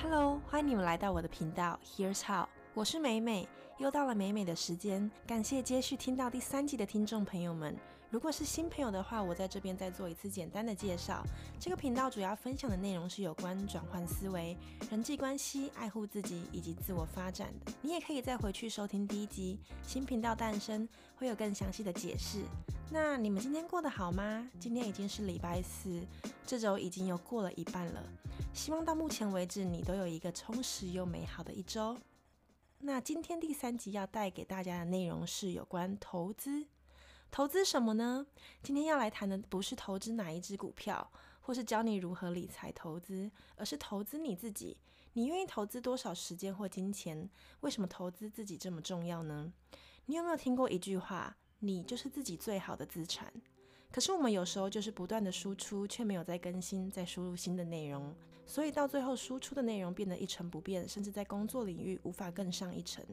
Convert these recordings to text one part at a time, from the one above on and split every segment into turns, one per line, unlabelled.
Hello，歡迎你們來到我的頻道，Here's How。我是美美，又到了美美的時間。感謝接續聽到第三集的聽眾朋友們。如果是新朋友的話，我在這邊再做一次簡單的介紹。這個頻道主要分享的內容是有關轉換思維、人際關係、愛護自己以及自我發展的。你也可以再回去收聽第一集《新頻道誕生》，會有更詳細的解釋。那你們今天過得好嗎？今天已經是禮拜四，這週已經又過了一半了。希望到目前為止你都有一個充實又美好的一週。那今天第三集要帶給大家的內容是有關投資。投資什麼呢？今天要來談的不是投資哪一支股票，或是教你如何理財投資，而是投資你自己。你願意投資多少時間或金錢？為什麼投資自己這麼重要呢？你有沒有聽過一句話：“你就是自己最好的資產。”可是我們有時候就是不斷的輸出，卻沒有再更新，再輸入新的內容，所以到最後輸出的內容變得一成不變，甚至在工作領域無法更上一層。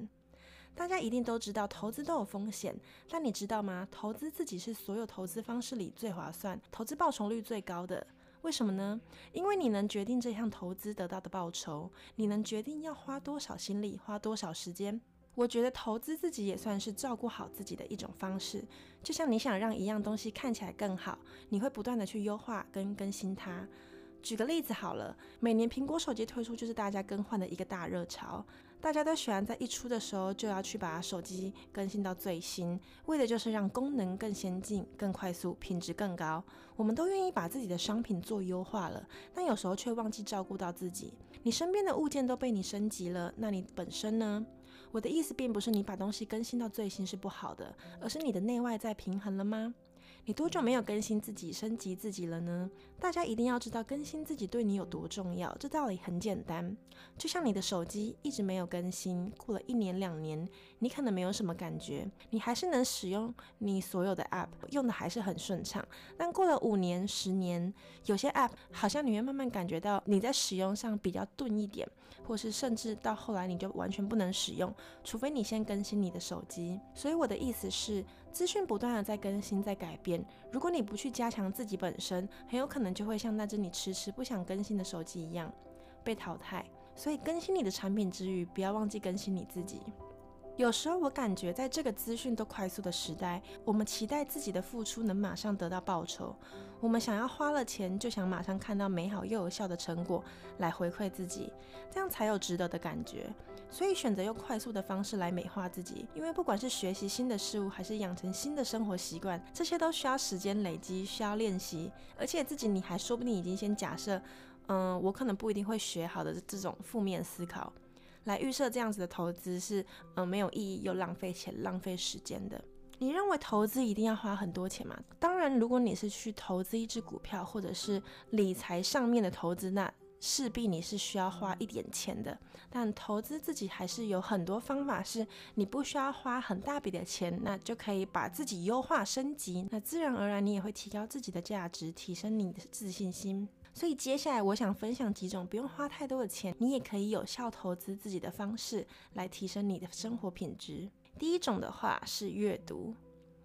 大家一定都知道投資都有風險，但你知道嗎？投資自己是所有投資方式裡最划算、投資報酬率最高的。為什麼呢？因為你能決定這項投資得到的報酬，你能決定要花多少心力、花多少時間。我覺得投資自己也算是照顧好自己的一種方式。就像你想讓一樣東西看起來更好，你會不斷的去優化跟更新它。舉個例子好了，每年蘋果手機推出就是大家更換的一個大熱潮。大家都喜歡在一出的時候就要去把手機更新到最新，為的就是讓功能更先進、更快速、品質更高。我們都願意把自己的商品做優化了，但有時候卻忘記照顧到自己。你身邊的物件都被你升級了，那你本身呢？我的意思並不是你把東西更新到最新是不好的，而是你的內外在平衡了嗎？你多久沒有更新自己、升級自己了呢？大家一定要知道更新自己對你有多重要。這道理很簡單，就像你的手機一直沒有更新，過了一年、兩年。你可能沒有什麼感覺，你還是能使用你所有的 app，用的還是很順暢。但過了五年、十年，有些 app 好像你會慢慢感覺到你在使用上比較鈍一點，或是甚至到後來你就完全不能使用，除非你先更新你的手機。所以我的意思是，資訊不斷地在更新、在改變。如果你不去加強自己本身，很有可能就會像那隻你遲遲不想更新的手機一樣被淘汰。所以更新你的產品之餘，不要忘記更新你自己。有時候我感覺，在這個資訊都快速的時代，我們期待自己的付出能馬上得到報酬，我們想要花了錢就想馬上看到美好又有效的成果來回饋自己，這樣才有值得的感覺。所以選擇用快速的方式來美化自己，因為不管是學習新的事物，還是養成新的生活習慣，這些都需要時間累積，需要練習，而且自己你還說不定已經先假設，嗯，我可能不一定會學好的這種負面思考。來預設這樣子的投資是，呃，沒有意義又浪費錢、浪費時間的。你認為投資一定要花很多錢嗎？當然，如果你是去投資一隻股票或者是理財上面的投資，那勢必你是需要花一點錢的。但投資自己還是有很多方法，是你不需要花很大筆的錢，那就可以把自己優化升級。那自然而然，你也會提高自己的價值，提升你的自信心。所以接下來我想分享幾種不用花太多的錢，你也可以有效投資自己的方式，來提升你的生活品質。第一種的話是閱讀，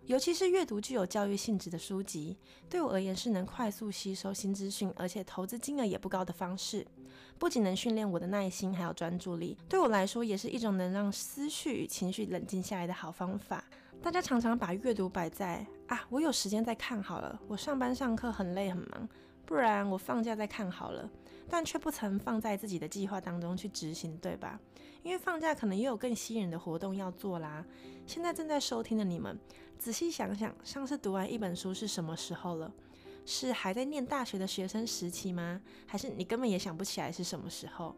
尤其是閱讀具有教育性質的書籍，對我而言是能快速吸收新資訊，而且投資金額也不高的方式。不僅能訓練我的耐心，還有專注力，對我來說也是一種能讓思緒與情緒冷靜下來的好方法。大家常常把閱讀擺在啊，我有時間再看好了，我上班上課很累很忙。不然我放假再看好了，但卻不曾放在自己的計劃當中去執行，對吧？因為放假可能又有更吸引人的活動要做啦。現在正在收聽的你們，仔細想想，上次讀完一本書是什麼時候了？是還在念大學的學生時期嗎？還是你根本也想不起來是什麼時候？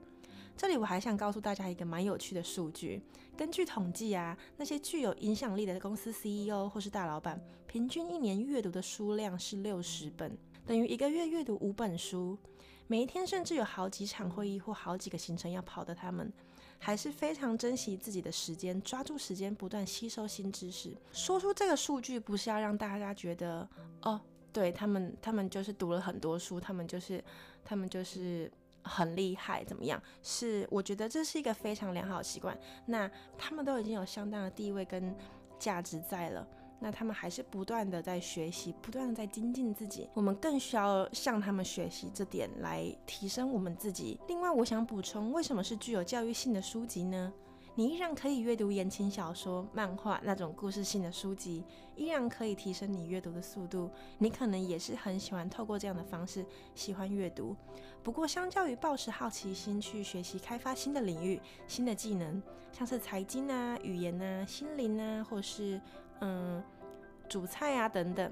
這裡我還想告訴大家一個蠻有趣的數據：根據統計啊，那些具有影響力的公司 CEO 或是大老闆，平均一年閱讀的書量是六十本。等於一個月閱讀五本書，每一天甚至有好幾場會議或好幾個行程要跑的他們，還是非常珍惜自己的時間，抓住時間不斷吸收新知識。說出這個數據不是要讓大家覺得哦，對，他們，他們就是讀了很多書，他們就是他們就是很厲害，怎麼樣？是，我覺得這是一個非常良好的習慣。那他們都已經有相當的地位跟價值在了。那他們還是不斷的在學習，不斷的在精進自己。我們更需要向他們學習這點來提升我們自己。另外，我想補充，為什麼是具有教育性的書籍呢？你依然可以閱讀言情小說、漫畫那種故事性的書籍，依然可以提升你閱讀的速度。你可能也是很喜歡透過這樣的方式喜歡閱讀。不過，相較於抱持好奇心去學習、開發新的領域、新的技能，像是財經啊、語言啊、心靈啊，或是嗯，煮菜啊等等，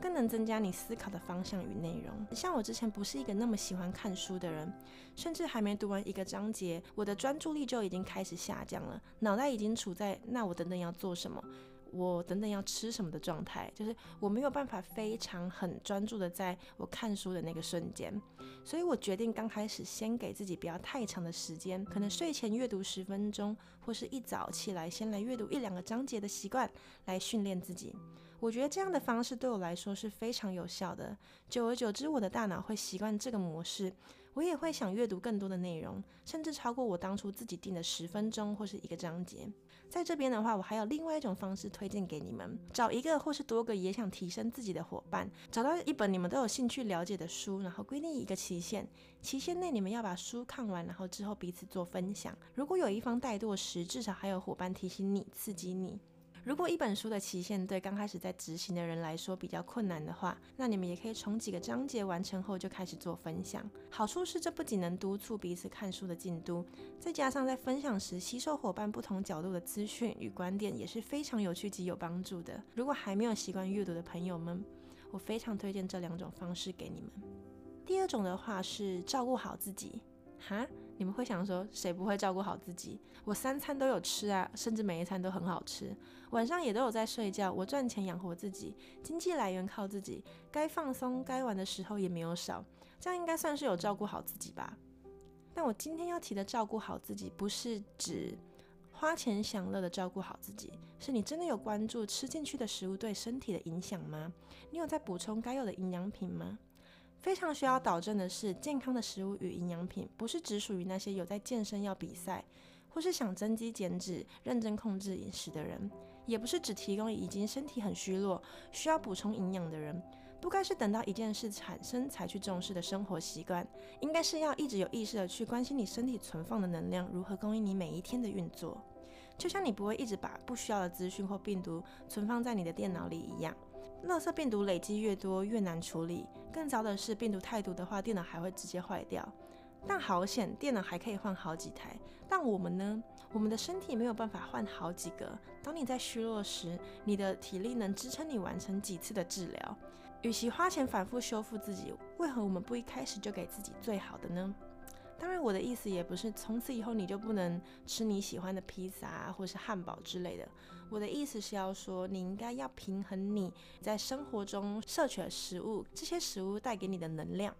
更能增加你思考的方向與內容。像我之前不是一個那麼喜歡看書的人，甚至還沒讀完一個章節，我的專注力就已經開始下降了，腦袋已經處在“那我等等要做什麼”，我等等要吃什麼的狀態，就是我沒有辦法非常很專注的在我看書的那個瞬間，所以我決定剛開始先給自己不要太長的時間，可能睡前閱讀十分鐘，或是一早起來先來閱讀一兩個章節的習慣來訓練自己。我覺得這樣的方式對我來說是非常有效的，久而久之，我的大腦會習慣這個模式。我也會想閱讀更多的內容，甚至超過我當初自己定的十分鐘或是一個章節。在這邊的話，我還有另外一種方式推薦給你們：找一個或是多個也想提升自己的夥伴，找到一本你們都有興趣了解的書，然後規定一個期限，期限內你們要把書看完，然後之後彼此做分享。如果有一方怠惰時，至少還有夥伴提醒你、刺激你。如果一本書的期限對剛開始在執行的人來說比較困難的話，那你們也可以從幾個章節完成後就開始做分享。好處是這不僅能督促彼此看書的進度，再加上在分享時吸收夥伴不同角度的資訊與觀點也是非常有趣及有幫助的。如果還沒有習慣閱讀的朋友們，我非常推薦這兩種方式給你們。第二種的話是照顧好自己，哈。你們會想說，誰不會照顧好自己？我三餐都有吃啊，甚至每一餐都很好吃，晚上也都有在睡覺。我賺錢養活自己，經濟來源靠自己，該放鬆、該玩的時候也沒有少，這樣應該算是有照顧好自己吧？但我今天要提的照顧好自己，不是指花錢享樂的照顧好自己，是你真的有關注吃進去的食物對身體的影響嗎？你有在補充該有的營養品嗎？非常需要導正的是，健康的食物與營養品不是只屬於那些有在健身要比賽，或是想增肌減脂、認真控制飲食的人，也不是只提供已經身體很虛弱、需要補充營養的人。不該是等到一件事產生才去重視的生活習慣，應該是要一直有意識的去關心你身體存放的能量如何供應你每一天的運作。就像你不會一直把不需要的資訊或病毒存放在你的電腦裡一樣。垃圾病毒累積越多，越難處理。更糟的是，病毒太多的話，電腦還會直接壞掉。但好險，電腦還可以換好幾台。但我們呢？我們的身體沒有辦法換好幾個。當你在虛弱時，你的體力能支撐你完成幾次的治療。與其花錢反復修復自己，為何我們不一開始就給自己最好的呢？當然，我的意思也不是從此以後你就不能吃你喜歡的披薩啊或是漢堡之類的。我的意思是要說，你應該要平衡你在生活中攝取的食物，這些食物帶給你的能量。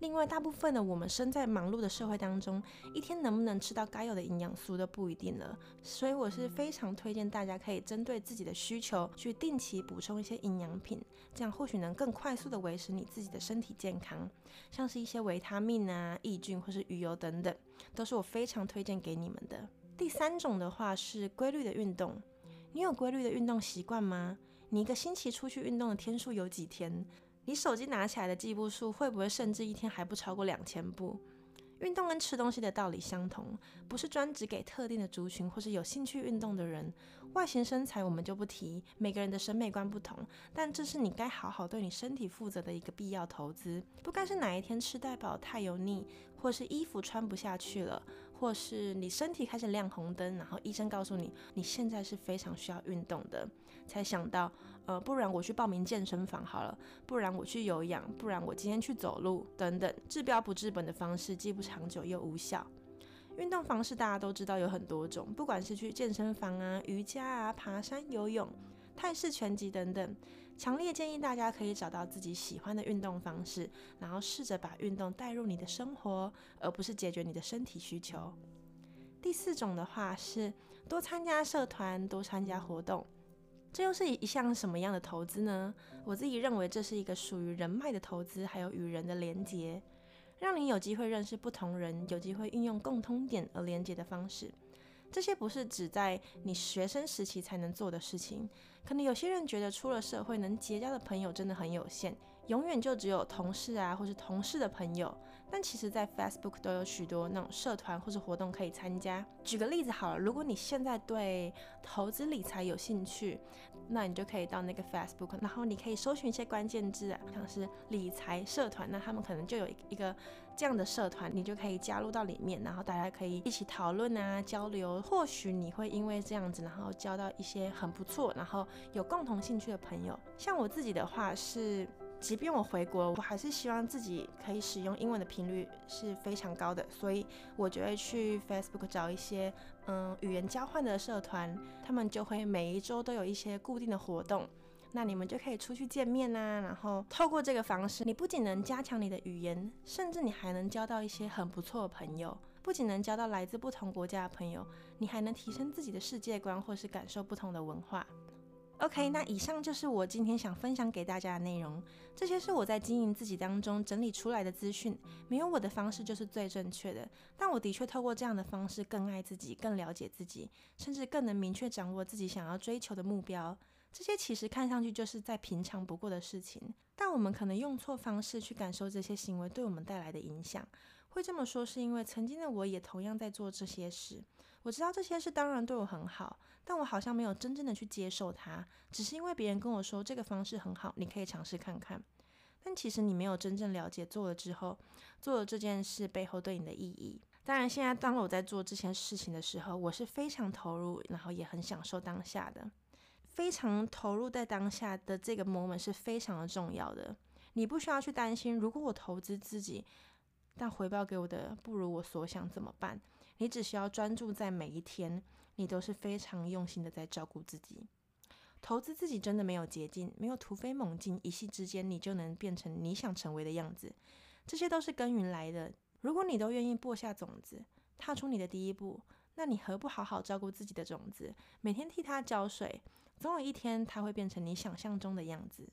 另外，大部分的我們身在忙碌的社會當中，一天能不能吃到該有的營養素都不一定了，所以我是非常推薦大家可以針對自己的需求去定期補充一些營養品，這樣或許能更快速的維持你自己的身體健康。像是一些維他命啊、益菌或是魚油等等，都是我非常推薦給你們的。第三種的話是規律的運動，你有規律的運動習慣嗎？你一個星期出去運動的天數有幾天？你手機拿起來的計步數會不會甚至一天還不超過兩千步？運動跟吃東西的道理相同，不是專指給特定的族群或是有興趣運動的人。外形身材我們就不提，每個人的審美觀不同，但這是你該好好對你身體負責的一個必要投資。不該是哪一天吃太飽、太油膩，或是衣服穿不下去了，或是你身體開始亮紅燈，然後醫生告訴你你現在是非常需要運動的。才想到，呃，不然我去報名健身房好了，不然我去有氧，不然我今天去走路等等，治標不治本的方式，既不長久又無效。運動方式大家都知道有很多種，不管是去健身房啊、瑜伽啊、爬山、游泳、泰式拳擊等等，強烈建議大家可以找到自己喜歡的運動方式，然後試着把運動帶入你的生活，而不是解決你的身體需求。第四種的話是多參加社團，多參加活動。這又是一項什麼樣的投資呢？我自己認為這是一個屬於人脈的投資，還有與人的連接，讓你有機會認識不同人，有機會運用共通點而連接的方式。這些不是只在你學生時期才能做的事情。可能有些人覺得出了社會能結交的朋友真的很有限。永遠就只有同事啊，或是同事的朋友。但其實，在 Facebook 都有許多那種社團或是活動可以參加。舉個例子好了，如果你現在對投資理財有興趣，那你就可以到那個 Facebook，然後你可以搜尋一些關鍵字啊，像是理財社團，那他們可能就有一個這樣的社團，你就可以加入到裡面，然後大家可以一起討論啊，交流。或許你會因為這樣子，然後交到一些很不錯，然後有共同興趣的朋友。像我自己的話是。即便我回國，我還是希望自己可以使用英文的頻率是非常高的，所以我就會去 Facebook 找一些嗯語言交換的社團，他們就會每一周都有一些固定的活動，那你們就可以出去見面啊，然後透過這個方式，你不僅能加強你的語言，甚至你還能交到一些很不錯的朋友，不僅能交到來自不同國家的朋友，你還能提升自己的世界觀，或是感受不同的文化。OK，那以上就是我今天想分享給大家的內容。這些是我在經營自己當中整理出來的資訊，沒有我的方式就是最正確的。但我的確透過這樣的方式，更愛自己，更了解自己，甚至更能明確掌握自己想要追求的目標。這些其實看上去就是再平常不過的事情，但我們可能用錯方式去感受這些行為對我們帶來的影響。會這麼說是因為曾經的我也同樣在做這些事。我知道這些事當然對我很好，但我好像沒有真正的去接受它，只是因為別人跟我說這個方式很好，你可以嘗試看看。但其實你沒有真正了解做了之後，做了這件事背後對你的意義。當然，現在當我在做這件事情的時候，我是非常投入，然後也很享受當下的。非常投入在當下的這個 moment 是非常的重要的。你不需要去擔心，如果我投資自己，但回報給我的不如我所想怎麼辦？你只需要專注在每一天，你都是非常用心的在照顧自己，投資自己真的沒有捷徑，沒有突飛猛進，一夕之間你就能變成你想成為的樣子，這些都是耕耘來的。如果你都願意播下種子，踏出你的第一步，那你何不好好照顧自己的種子，每天替它澆水，總有一天它會變成你想象中的樣子。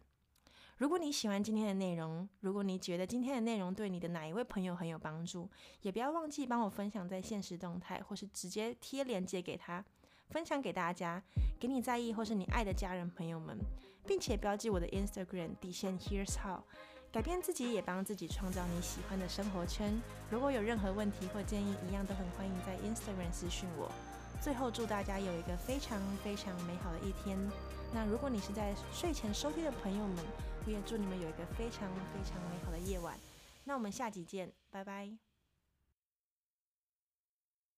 如果你喜歡今天的內容，如果你覺得今天的內容對你的哪一位朋友很有幫助，也不要忘記幫我分享在限時動態，或是直接貼鏈接給他，分享給大家，給你在意或是你愛的家人朋友們，並且標記我的 Instagram 底線 Here's How 改變自己，也幫自己創造你喜歡的生活圈。如果有任何問題或建議，一樣都很歡迎在 Instagram 私訊我。最後，祝大家有一個非常非常美好的一天。那如果你是在睡前收聽的朋友們，我也祝你們有一個非常非常美好的夜晚。那我們下集見，拜拜。